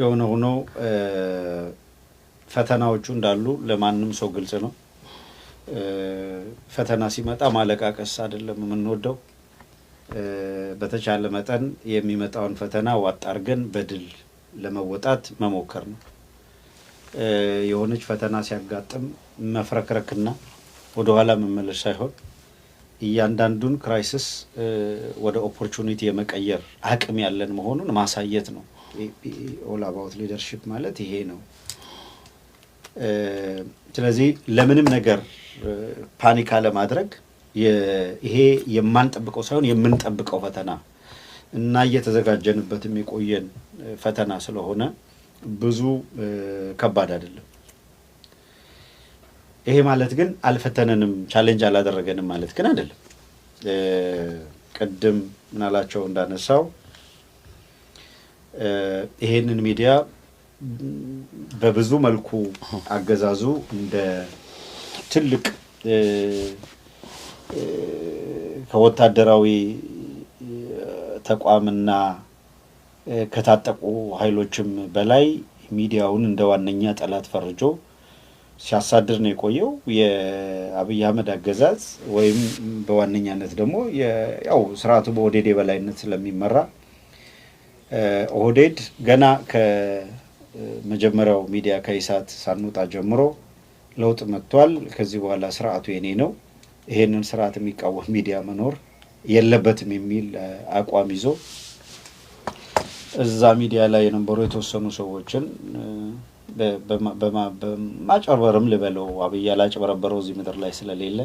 የሆነ ሆኖ ፈተናዎቹ እንዳሉ ለማንም ሰው ግልጽ ነው። ፈተና ሲመጣ ማለቃቀስ አይደለም የምንወደው። በተቻለ መጠን የሚመጣውን ፈተና ዋጥ አድርገን በድል ለመወጣት መሞከር ነው። የሆነች ፈተና ሲያጋጥም መፍረክረክና ወደኋላ መመለስ ሳይሆን እያንዳንዱን ክራይሲስ ወደ ኦፖርቹኒቲ የመቀየር አቅም ያለን መሆኑን ማሳየት ነው። ኤፒኤ ኦል አባውት ማለት ይሄ ነው። ስለዚህ ለምንም ነገር ፓኒካ ለማድረግ ይሄ የማንጠብቀው ሳይሆን የምንጠብቀው ፈተና እና እየተዘጋጀንበት የሚቆየን ፈተና ስለሆነ ብዙ ከባድ አይደለም። ይሄ ማለት ግን አልፈተነንም፣ ቻሌንጅ አላደረገንም ማለት ግን አይደለም። ቅድም ምናላቸው እንዳነሳው ይሄንን ሚዲያ በብዙ መልኩ አገዛዙ እንደ ትልቅ ከወታደራዊ ተቋምና ከታጠቁ ኃይሎችም በላይ ሚዲያውን እንደ ዋነኛ ጠላት ፈርጆ ሲያሳድር ነው የቆየው። የአብይ አህመድ አገዛዝ ወይም በዋነኛነት ደግሞ ያው ስርዓቱ በወደዴ በላይነት ስለሚመራ ኦህዴድ ገና ከመጀመሪያው ሚዲያ ከኢሳት ሳንወጣ ጀምሮ ለውጥ መጥቷል። ከዚህ በኋላ ስርዓቱ የኔ ነው፣ ይሄንን ስርዓት የሚቃወም ሚዲያ መኖር የለበትም የሚል አቋም ይዞ እዛ ሚዲያ ላይ የነበሩ የተወሰኑ ሰዎችን በማጭበርበርም ልበለው አብይ ያላጭበረበረው እዚህ ምድር ላይ ስለሌለ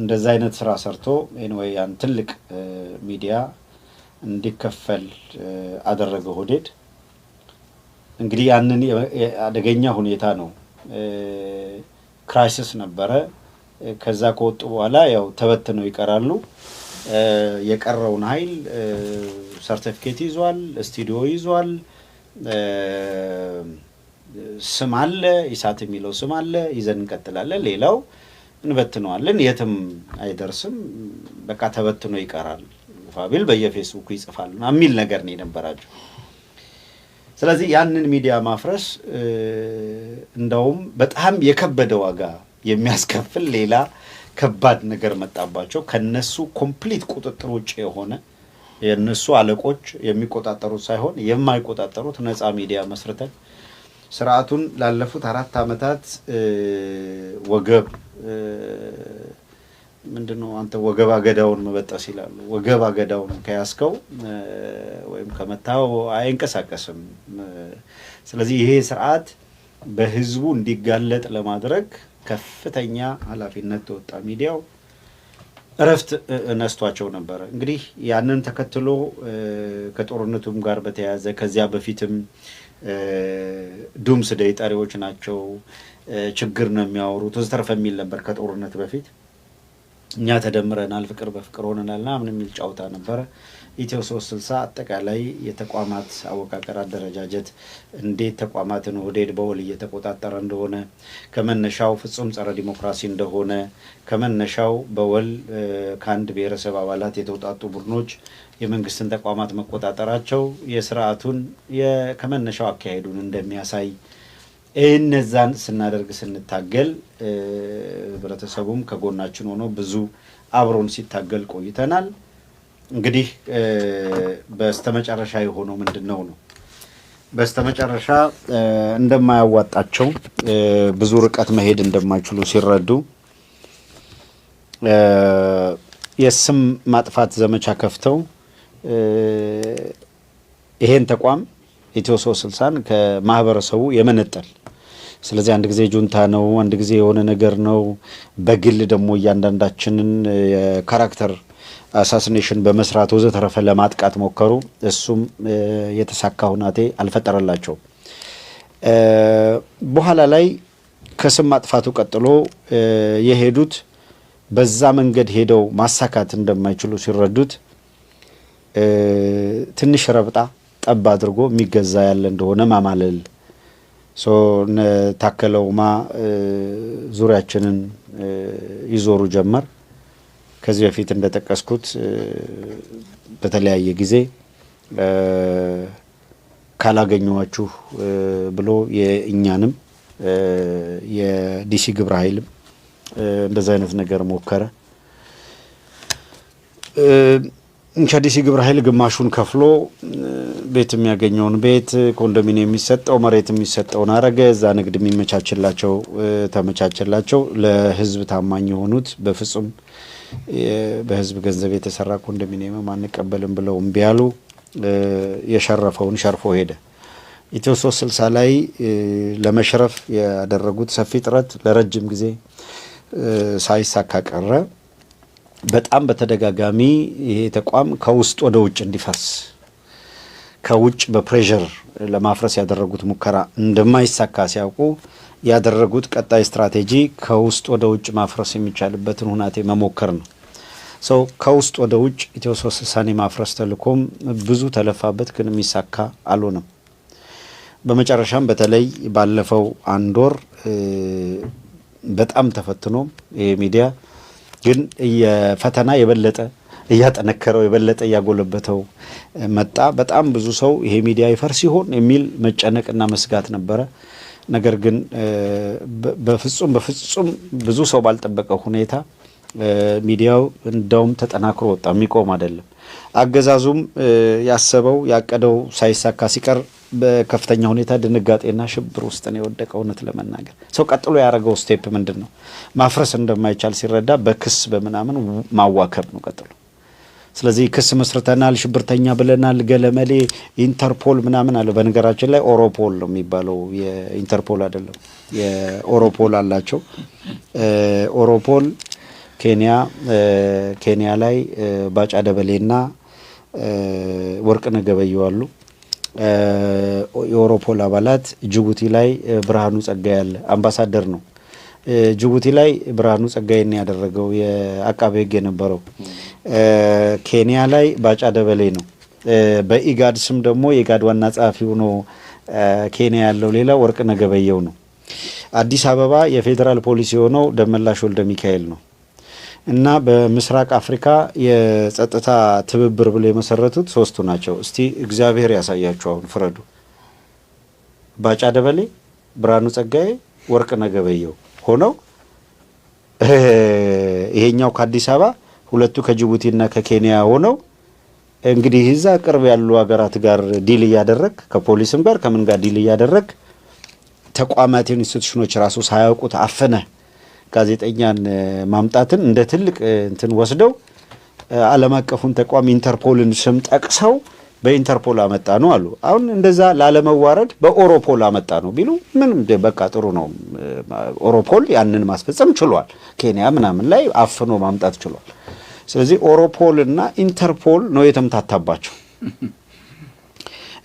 እንደዛ አይነት ስራ ሰርቶ ኤንወይ ያን ትልቅ ሚዲያ እንዲከፈል አደረገ ኦህዴድ። እንግዲህ ያንን አደገኛ ሁኔታ ነው፣ ክራይሲስ ነበረ። ከዛ ከወጡ በኋላ ያው ተበትነው ይቀራሉ። የቀረውን ኃይል ሰርቲፊኬት ይዟል፣ ስቱዲዮ ይዟል፣ ስም አለ፣ ኢሳት የሚለው ስም አለ። ይዘን እንቀጥላለን፣ ሌላው እንበትነዋለን፣ የትም አይደርስም። በቃ ተበትኖ ይቀራል። ይጥፋ ቢል በየፌስቡኩ ይጽፋልና የሚል ነገር ነው የነበራቸው። ስለዚህ ያንን ሚዲያ ማፍረስ እንደውም በጣም የከበደ ዋጋ የሚያስከፍል ሌላ ከባድ ነገር መጣባቸው። ከነሱ ኮምፕሊት ቁጥጥር ውጭ የሆነ የነሱ አለቆች የሚቆጣጠሩት ሳይሆን የማይቆጣጠሩት ነፃ ሚዲያ መስርተን ስርዓቱን ላለፉት አራት ዓመታት ወገብ ምንድነው አንተ ወገባ ገዳውን መበጠስ ይላሉ። ወገባ ገዳውን ከያዝከው ወይም ከመታው አይንቀሳቀስም። ስለዚህ ይሄ ስርዓት በህዝቡ እንዲጋለጥ ለማድረግ ከፍተኛ ኃላፊነት ተወጣ። ሚዲያው እረፍት ነስቷቸው ነበረ። እንግዲህ ያንን ተከትሎ ከጦርነቱም ጋር በተያያዘ ከዚያ በፊትም ዱምስ ስደይ ጠሪዎች ናቸው፣ ችግር ነው የሚያወሩት ወዘተርፈ የሚል ነበር ከጦርነት በፊት እኛ ተደምረናል፣ ፍቅር በፍቅር ና ምን የሚል ጫውታ ነበረ። ኢትዮ ሶስት ስልሳ አጠቃላይ የተቋማት አወቃቀር አደረጃጀት፣ እንዴት ተቋማትን ኦህዴድ በወል እየተቆጣጠረ እንደሆነ ከመነሻው ፍጹም ጸረ ዲሞክራሲ እንደሆነ ከመነሻው በወል ከአንድ ብሔረሰብ አባላት የተውጣጡ ቡድኖች የመንግስትን ተቋማት መቆጣጠራቸው የስርዓቱን ከመነሻው አካሄዱን እንደሚያሳይ እነዛን ስናደርግ ስንታገል ህብረተሰቡም ከጎናችን ሆኖ ብዙ አብሮን ሲታገል ቆይተናል። እንግዲህ በስተመጨረሻ የሆነው ምንድን ነው ነው በስተመጨረሻ እንደማያዋጣቸው ብዙ ርቀት መሄድ እንደማይችሉ ሲረዱ የስም ማጥፋት ዘመቻ ከፍተው ይሄን ተቋም ኢትዮ ሶስት ስልሳን ከማህበረሰቡ የመነጠል ስለዚህ አንድ ጊዜ ጁንታ ነው፣ አንድ ጊዜ የሆነ ነገር ነው። በግል ደግሞ እያንዳንዳችንን የካራክተር አሳሲኔሽን በመስራት ወዘተረፈ ለማጥቃት ሞከሩ። እሱም የተሳካ ሁናቴ አልፈጠረላቸው። በኋላ ላይ ከስም ማጥፋቱ ቀጥሎ የሄዱት በዛ መንገድ ሄደው ማሳካት እንደማይችሉ ሲረዱት ትንሽ ረብጣ ጠብ አድርጎ የሚገዛ ያለ እንደሆነ ማማለል ታከለ ኡማ ዙሪያችንን ይዞሩ ጀመር። ከዚህ በፊት እንደጠቀስኩት በተለያየ ጊዜ ካላገኘኋችሁ ብሎ የእኛንም የዲሲ ግብረ ኃይልም እንደዚህ አይነት ነገር ሞከረ። ከዲሲ ግብረ ኃይል ግማሹን ከፍሎ ቤት የሚያገኘውን ቤት ኮንዶሚኒየም የሚሰጠው መሬት የሚሰጠውን አረገ። እዛ ንግድ የሚመቻችላቸው ተመቻችላቸው። ለህዝብ ታማኝ የሆኑት በፍጹም በህዝብ ገንዘብ የተሰራ ኮንዶሚኒየም አንቀበልም ብለው እምቢ የሸረፈውን ሸርፎ ሄደ። ኢትዮ ሶስት ስልሳ ላይ ለመሽረፍ ያደረጉት ሰፊ ጥረት ለረጅም ጊዜ ሳይሳካ ቀረ። በጣም በተደጋጋሚ ይሄ ተቋም ከውስጥ ወደ ውጭ እንዲፈርስ ከውጭ በፕሬሸር ለማፍረስ ያደረጉት ሙከራ እንደማይሳካ ሲያውቁ ያደረጉት ቀጣይ ስትራቴጂ ከውስጥ ወደ ውጭ ማፍረስ የሚቻልበትን ሁናቴ መሞከር ነው። ሰው ከውስጥ ወደ ውጭ ኢትዮ ሶስት ሳኔ ማፍረስ ተልእኮም ብዙ ተለፋበት፣ ግን የሚሳካ አልሆነም። በመጨረሻም በተለይ ባለፈው አንድ ወር በጣም ተፈትኖ ይሄ ሚዲያ ግን የፈተና የበለጠ እያጠነከረው የበለጠ እያጎለበተው መጣ። በጣም ብዙ ሰው ይሄ ሚዲያ ይፈርስ ይሆን የሚል መጨነቅና መስጋት ነበረ። ነገር ግን በፍጹም በፍጹም ብዙ ሰው ባልጠበቀው ሁኔታ ሚዲያው እንዳውም ተጠናክሮ ወጣ። የሚቆም አይደለም። አገዛዙም ያሰበው ያቀደው ሳይሳካ ሲቀር በከፍተኛ ሁኔታ ድንጋጤና ሽብር ውስጥ ነው የወደቀው። እውነት ለመናገር ሰው ቀጥሎ ያደረገው ስቴፕ ምንድን ነው? ማፍረስ እንደማይቻል ሲረዳ በክስ በምናምን ማዋከብ ነው ቀጥሎ። ስለዚህ ክስ መስርተናል፣ ሽብርተኛ ብለናል፣ ገለመሌ ኢንተርፖል ምናምን አለው። በነገራችን ላይ ኦሮፖል ነው የሚባለው የኢንተርፖል አይደለም፣ የኦሮፖል አላቸው ኦሮፖል ኬንያ ኬንያ ላይ ባጫ ደበሌና ወርቅ ገበየሁ አሉ። የኦሮፖል አባላት ጅቡቲ ላይ ብርሃኑ ጸጋዬ አለ። አምባሳደር ነው ጅቡቲ ላይ ብርሃኑ ጸጋዬን ያደረገው የአቃቤ ሕግ የነበረው ኬንያ ላይ ባጫ ደበሌ ነው። በኢጋድ ስም ደግሞ የኢጋድ ዋና ጸሐፊ ሆኖ ኬንያ ያለው ሌላ ወርቅ ነገበየው ነው። አዲስ አበባ የፌዴራል ፖሊስ የሆነው ደመላሽ ወልደ ሚካኤል ነው። እና በምስራቅ አፍሪካ የጸጥታ ትብብር ብለው የመሰረቱት ሶስቱ ናቸው። እስቲ እግዚአብሔር ያሳያችሁ። አሁን ፍረዱ። ባጫ ደበሌ፣ ብርሃኑ ጸጋዬ፣ ወርቅ ነገበየው ሆነው ይሄኛው ከአዲስ አበባ ሁለቱ ከጅቡቲና ከኬንያ ሆነው እንግዲህ እዛ ቅርብ ያሉ ሀገራት ጋር ዲል እያደረግ ከፖሊስም ጋር ከምን ጋር ዲል እያደረግ ተቋማት ኢንስቲቱሽኖች ራሱ ሳያውቁት አፍነህ ጋዜጠኛን ማምጣትን እንደ ትልቅ እንትን ወስደው ዓለም አቀፉን ተቋም ኢንተርፖልን ስም ጠቅሰው በኢንተርፖል አመጣ ነው አሉ። አሁን እንደዛ ላለመዋረድ በኦሮፖል አመጣ ነው ቢሉ ምንም በቃ ጥሩ ነው። ኦሮፖል ያንን ማስፈጸም ችሏል። ኬንያ ምናምን ላይ አፍኖ ማምጣት ችሏል። ስለዚህ ኦሮፖል እና ኢንተርፖል ነው የተምታታባቸው።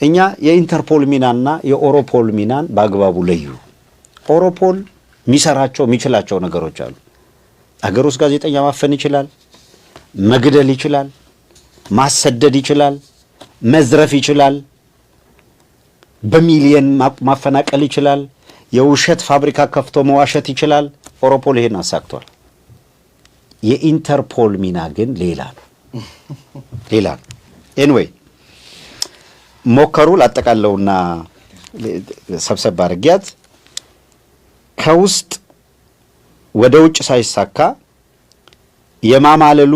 እኛ የኢንተርፖል ሚናና የኦሮፖል ሚናን በአግባቡ ለዩ። ኦሮፖል የሚሰራቸው የሚችላቸው ነገሮች አሉ። አገር ውስጥ ጋዜጠኛ ማፈን ይችላል፣ መግደል ይችላል፣ ማሰደድ ይችላል፣ መዝረፍ ይችላል፣ በሚሊየን ማፈናቀል ይችላል፣ የውሸት ፋብሪካ ከፍቶ መዋሸት ይችላል። ኦሮፖል ይሄን አሳክቷል። የኢንተርፖል ሚና ግን ሌላ ነው፣ ሌላ ነው። ኤንዌይ ሞከሩ። ላጠቃለውና ሰብሰብ አድርጊያት ከውስጥ ወደ ውጭ ሳይሳካ የማማለሉ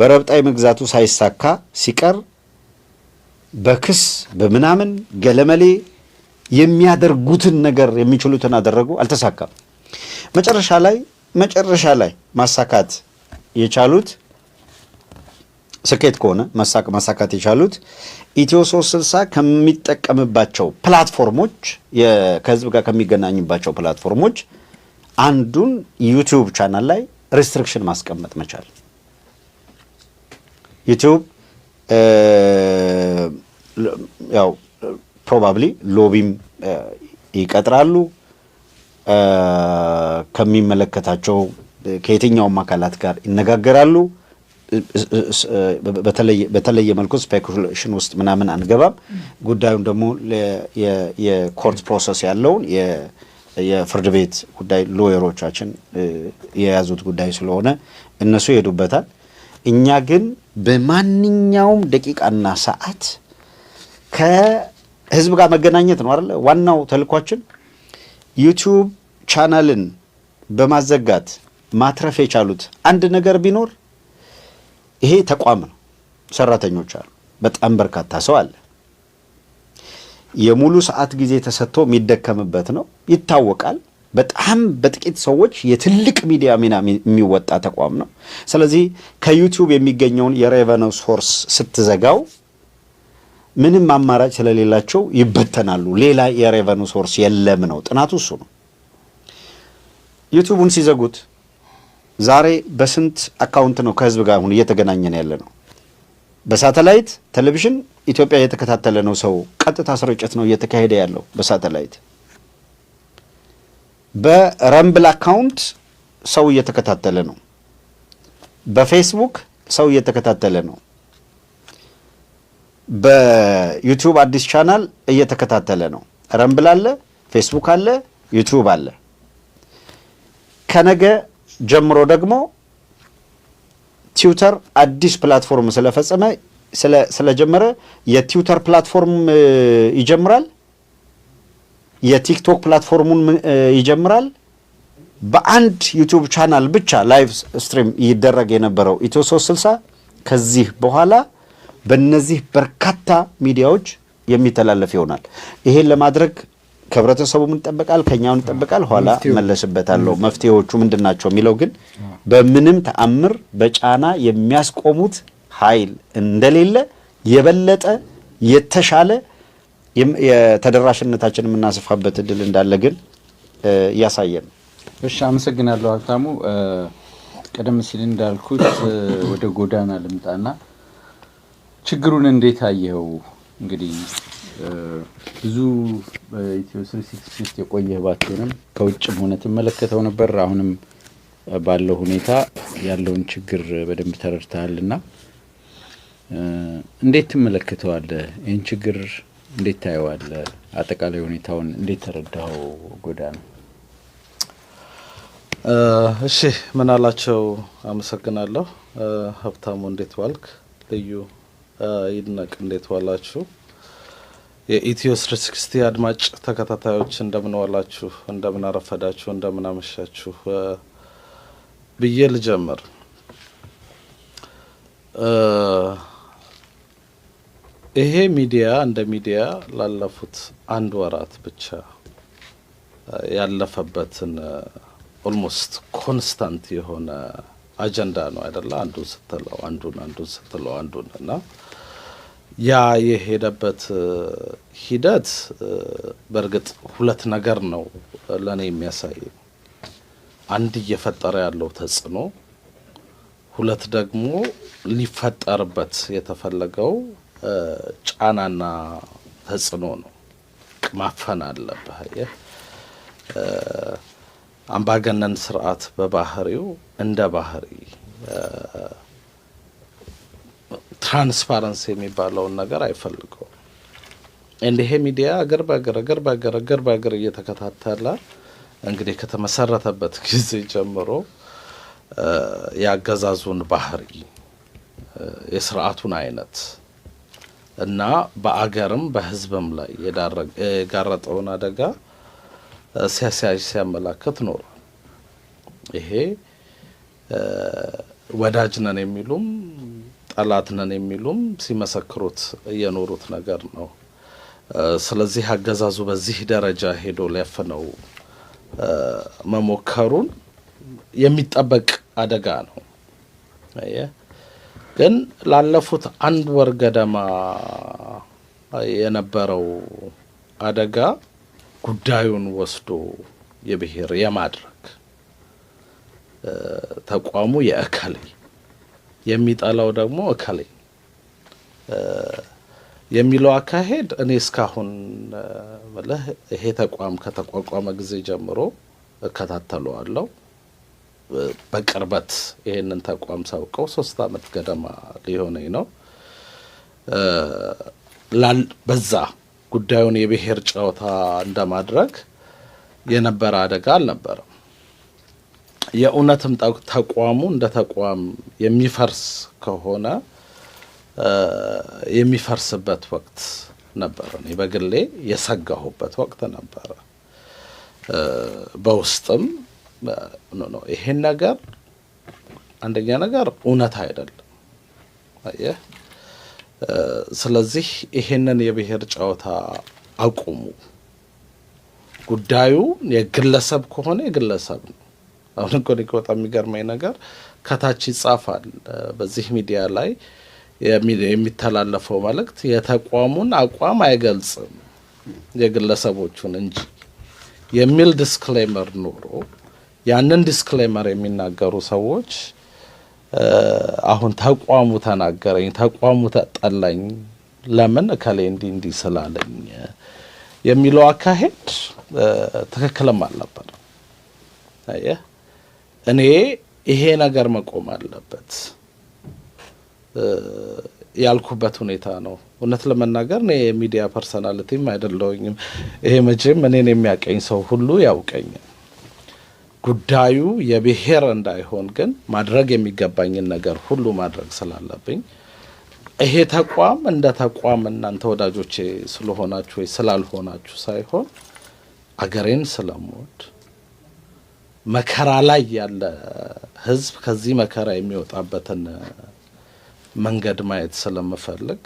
በረብጣ መግዛቱ ሳይሳካ ሲቀር በክስ በምናምን ገለመሌ የሚያደርጉትን ነገር የሚችሉትን አደረጉ፣ አልተሳካም። መጨረሻ ላይ መጨረሻ ላይ ማሳካት የቻሉት ስኬት ከሆነ መሳካት የቻሉት ኢትዮ 360 ከሚጠቀምባቸው ፕላትፎርሞች ከህዝብ ጋር ከሚገናኝባቸው ፕላትፎርሞች አንዱን ዩቲዩብ ቻናል ላይ ሪስትሪክሽን ማስቀመጥ መቻል። ዩቲዩብ ያው ፕሮባብሊ ሎቢም ይቀጥራሉ ከሚመለከታቸው ከየትኛውም አካላት ጋር ይነጋገራሉ። በተለየ መልኩ ስፔኩሌሽን ውስጥ ምናምን አንገባም። ጉዳዩን ደግሞ የኮርት ፕሮሰስ ያለውን የፍርድ ቤት ጉዳይ ሎየሮቻችን የያዙት ጉዳይ ስለሆነ እነሱ ይሄዱበታል። እኛ ግን በማንኛውም ደቂቃና ሰዓት ከህዝብ ጋር መገናኘት ነው አይደለ? ዋናው ተልኳችን ዩቲዩብ ቻናልን በማዘጋት ማትረፍ የቻሉት አንድ ነገር ቢኖር ይሄ ተቋም ነው። ሰራተኞች አሉ። በጣም በርካታ ሰው አለ። የሙሉ ሰዓት ጊዜ ተሰጥቶ የሚደከምበት ነው፣ ይታወቃል። በጣም በጥቂት ሰዎች የትልቅ ሚዲያ ሚና የሚወጣ ተቋም ነው። ስለዚህ ከዩቲዩብ የሚገኘውን የሬቨነው ሶርስ ስትዘጋው ምንም አማራጭ ስለሌላቸው ይበተናሉ። ሌላ የሬቨኑ ሶርስ የለም ነው ጥናቱ፣ እሱ ነው። ዩቲዩቡን ሲዘጉት ዛሬ በስንት አካውንት ነው ከህዝብ ጋር አሁን እየተገናኘን ያለ ነው? በሳተላይት ቴሌቪዥን ኢትዮጵያ እየተከታተለ ነው ሰው። ቀጥታ ስርጭት ነው እየተካሄደ ያለው በሳተላይት። በረምብል አካውንት ሰው እየተከታተለ ነው። በፌስቡክ ሰው እየተከታተለ ነው። በዩቲዩብ አዲስ ቻናል እየተከታተለ ነው። ረምብል አለ፣ ፌስቡክ አለ፣ ዩቲዩብ አለ። ከነገ ጀምሮ ደግሞ ቲዩተር አዲስ ፕላትፎርም ስለፈጸመ ስለጀመረ የቲዩተር ፕላትፎርም ይጀምራል። የቲክቶክ ፕላትፎርሙን ይጀምራል። በአንድ ዩቲዩብ ቻናል ብቻ ላይቭ ስትሪም ይደረግ የነበረው ኢትዮ 360 ከዚህ በኋላ በእነዚህ በርካታ ሚዲያዎች የሚተላለፍ ይሆናል። ይሄን ለማድረግ ከህብረተሰቡ ምን ይጠበቃል፣ ከእኛ ምን ይጠበቃል፣ ኋላ መለስበታለሁ። መፍትሄዎቹ ምንድን ናቸው የሚለው ግን በምንም ተአምር በጫና የሚያስቆሙት ኃይል እንደሌለ የበለጠ የተሻለ የተደራሽነታችን የምናስፋበት እድል እንዳለ ግን እያሳየን እሺ፣ አመሰግናለሁ ሀብታሙ። ቀደም ሲል እንዳልኩት ወደ ጎዳና ልምጣና ችግሩን እንዴት አየኸው እንግዲህ ብዙ በኢትዮ ስሪ ሲክስ ውስጥ የቆየ ባትሆንም ከውጭም ሆነ ትመለከተው ነበር። አሁንም ባለው ሁኔታ ያለውን ችግር በደንብ ተረድተሃል ና እንዴት ትመለከተዋለህ? ይህን ችግር እንዴት ታየዋለህ? አጠቃላይ ሁኔታውን እንዴት ተረዳኸው? ነው። እሺ፣ ምን አላቸው? አመሰግናለሁ ሀብታሙ። እንዴት ዋልክ? ልዩ ይድነቅ፣ እንዴት ዋላችሁ? የኢትዮ ስሪ ሲክስቲ አድማጭ ተከታታዮች እንደምንዋላችሁ፣ እንደምናረፈዳችሁ፣ እንደምናመሻችሁ ብዬ ልጀምር። ይሄ ሚዲያ እንደ ሚዲያ ላለፉት አንድ ወራት ብቻ ያለፈበትን ኦልሞስት ኮንስታንት የሆነ አጀንዳ ነው አይደለ? አንዱን ስትለው አንዱን አንዱን ስትለው አንዱን እና ያ የሄደበት ሂደት በእርግጥ ሁለት ነገር ነው ለእኔ የሚያሳየው፣ አንድ እየፈጠረ ያለው ተጽዕኖ፣ ሁለት ደግሞ ሊፈጠርበት የተፈለገው ጫናና ተጽዕኖ ነው። ማፈን አለብህ። አምባገነን ስርዓት በባህሪው እንደ ባህሪ ትራንስፓረንስ የሚባለውን ነገር አይፈልገውም። ይሄ ሚዲያ አገር በአገር አገር በአገር አገር በአገር እየተከታተለ እንግዲህ ከተመሰረተበት ጊዜ ጀምሮ የአገዛዙን ባህሪ የስርዓቱን አይነት እና በአገርም በህዝብም ላይ የጋረጠውን አደጋ ሲያሳይ ሲያመላክት ኖሯል። ይሄ ወዳጅ ነን የሚሉም ጠላት ነን የሚሉም ሲመሰክሩት የኖሩት ነገር ነው። ስለዚህ አገዛዙ በዚህ ደረጃ ሄዶ ሊያፍነው መሞከሩን የሚጠበቅ አደጋ ነው። ግን ላለፉት አንድ ወር ገደማ የነበረው አደጋ ጉዳዩን ወስዶ የብሔር የማድረግ ተቋሙ የእከሌ የሚጠላው ደግሞ እከሌ የሚለው አካሄድ እኔ እስካሁን ምልህ ይሄ ተቋም ከተቋቋመ ጊዜ ጀምሮ እከታተለዋለሁ። በቅርበት ይሄንን ተቋም ሳውቀው ሶስት አመት ገደማ ሊሆነኝ ነው። በዛ ጉዳዩን የብሔር ጨዋታ እንደማድረግ የነበረ አደጋ አልነበረም። የእውነትም ተቋሙ እንደ ተቋም የሚፈርስ ከሆነ የሚፈርስበት ወቅት ነበረ። እኔ በግሌ የሰጋሁበት ወቅት ነበረ። በውስጥም ይሄን ነገር አንደኛ ነገር እውነት አይደለም። ስለዚህ ይሄንን የብሔር ጨዋታ አቁሙ። ጉዳዩ የግለሰብ ከሆነ የግለሰብ ነው። አሁን እኮ እኔ በጣም የሚገርመኝ ነገር ከታች ይጻፋል በዚህ ሚዲያ ላይ የሚተላለፈው መልእክት የተቋሙን አቋም አይገልጽም የግለሰቦቹን እንጂ የሚል ዲስክሌመር ኑሮ ያንን ዲስክሌመር የሚናገሩ ሰዎች አሁን ተቋሙ ተናገረኝ፣ ተቋሙ ተጠላኝ፣ ለምን እከሌ እንዲህ እንዲህ ስላለኝ የሚለው አካሄድ ትክክልም አልነበረም። አየህ። እኔ ይሄ ነገር መቆም አለበት ያልኩበት ሁኔታ ነው። እውነት ለመናገር እኔ የሚዲያ ፐርሰናልቲም አይደለውኝም። ይሄ መቼም እኔን የሚያቀኝ ሰው ሁሉ ያውቀኛል። ጉዳዩ የብሄር እንዳይሆን ግን ማድረግ የሚገባኝን ነገር ሁሉ ማድረግ ስላለብኝ ይሄ ተቋም እንደ ተቋም እናንተ ወዳጆቼ ስለሆናችሁ ወይ ስላልሆናችሁ ሳይሆን አገሬን ስለምወድ መከራ ላይ ያለ ህዝብ ከዚህ መከራ የሚወጣበትን መንገድ ማየት ስለምፈልግ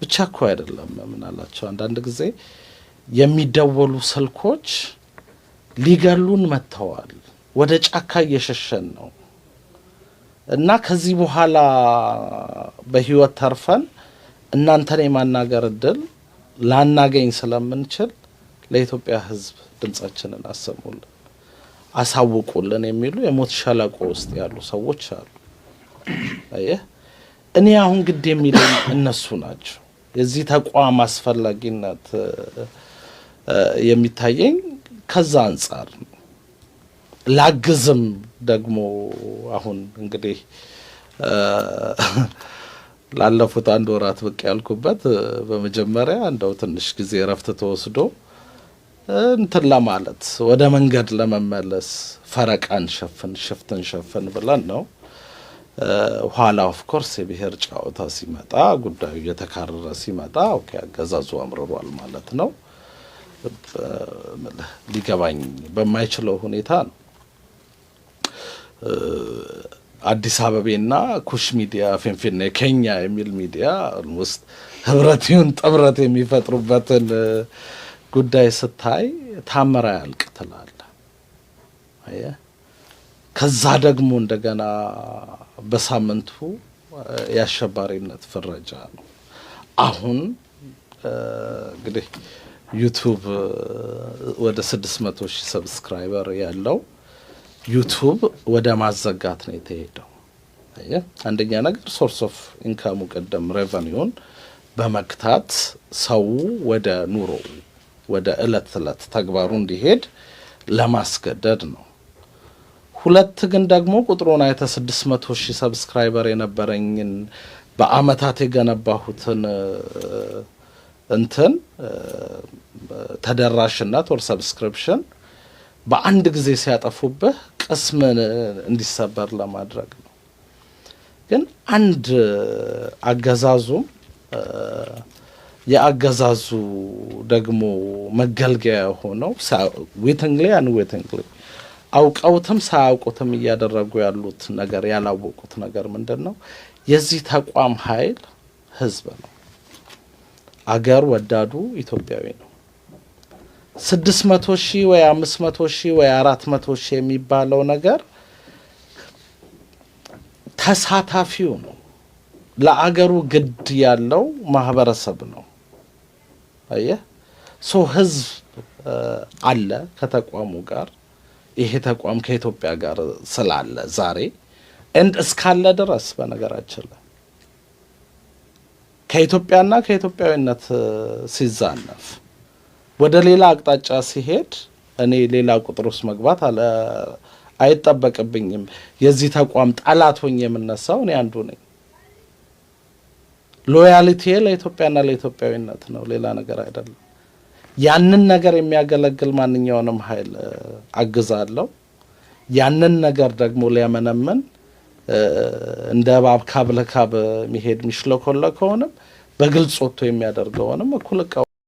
ብቻ እኮ አይደለም ምናላቸው አንዳንድ ጊዜ የሚደወሉ ስልኮች ሊገሉን መጥተዋል፣ ወደ ጫካ እየሸሸን ነው እና ከዚህ በኋላ በህይወት ተርፈን እናንተን የማናገር እድል ላናገኝ ስለምንችል ለኢትዮጵያ ህዝብ ድምጻችንን አሰሙልን። አሳውቁልን የሚሉ የሞት ሸለቆ ውስጥ ያሉ ሰዎች አሉ። አየህ እኔ አሁን ግድ የሚለኝ እነሱ ናቸው። የዚህ ተቋም አስፈላጊነት የሚታየኝ ከዛ አንጻር ላግዝም ደግሞ አሁን እንግዲህ ላለፉት አንድ ወራት ብቅ ያልኩበት በመጀመሪያ እንደው ትንሽ ጊዜ እረፍት ተወስዶ እንትን ለማለት ወደ መንገድ ለመመለስ ፈረቃን ሸፍን ሽፍትን ሸፍን ብለን ነው። ኋላ ኦፍኮርስ የብሔር ጨዋታ ሲመጣ ጉዳዩ እየተካረረ ሲመጣ ኦኬ አገዛዙ አምርሯል ማለት ነው። ሊገባኝ በማይችለው ሁኔታ ነው። አዲስ አበቤና ኩሽ ሚዲያ ፊንፊኔ ኬኛ የሚል ሚዲያ ውስጥ ህብረት ይሁን ጥምረት የሚፈጥሩበትን ጉዳይ ስታይ ታመራ ያልቅ ትላለ። ከዛ ደግሞ እንደገና በሳምንቱ የአሸባሪነት ፍረጃ ነው። አሁን እንግዲህ ዩቱብ ወደ 600 ሺህ ሰብስክራይበር ያለው ዩቱብ ወደ ማዘጋት ነው የተሄደው። አንደኛ ነገር ሶርስ ኦፍ ኢንካሙ ቅድም ሬቨኒውን በመግታት ሰው ወደ ኑሮ። ወደ እለት ዕለት ተግባሩ እንዲሄድ ለማስገደድ ነው። ሁለት ግን ደግሞ ቁጥሩን አይተ 600 ሺ ሰብስክራይበር የነበረኝን በአመታት የገነባሁትን እንትን ተደራሽነት ወር ሰብስክሪፕሽን በአንድ ጊዜ ሲያጠፉብህ ቅስም እንዲሰበር ለማድረግ ነው። ግን አንድ አገዛዙም የአገዛዙ ደግሞ መገልገያ የሆነው ዊትንግሊ ያን ዊትንግሊ አውቀውትም ሳያውቁትም እያደረጉ ያሉት ነገር ያላወቁት ነገር ምንድን ነው? የዚህ ተቋም ኃይል ህዝብ ነው። አገር ወዳዱ ኢትዮጵያዊ ነው። ስድስት መቶ ሺህ ወይ አምስት መቶ ሺህ ወይ አራት መቶ ሺህ የሚባለው ነገር ተሳታፊው ነው። ለአገሩ ግድ ያለው ማህበረሰብ ነው። አየህ ሰው ህዝብ አለ ከተቋሙ ጋር ይሄ ተቋም ከኢትዮጵያ ጋር ስላለ ዛሬ እንድ እስካለ ድረስ በነገራችን ላይ ከኢትዮጵያና ከኢትዮጵያዊነት ሲዛነፍ ወደ ሌላ አቅጣጫ ሲሄድ እኔ ሌላ ቁጥር ውስጥ መግባት አለ አይጠበቅብኝም። የዚህ ተቋም ጠላት ሆኜ የምነሳው እኔ አንዱ ነኝ። ሎያሊቲ ለኢትዮጵያና ለኢትዮጵያዊነት ነው፣ ሌላ ነገር አይደለም። ያንን ነገር የሚያገለግል ማንኛውንም ኃይል አግዛለሁ። ያንን ነገር ደግሞ ሊያመነምን እንደ እባብ ካብ ለካብ የሚሄድ የሚሽለኮለኮውንም በግልጽ ወጥቶ የሚያደርገውንም እኩል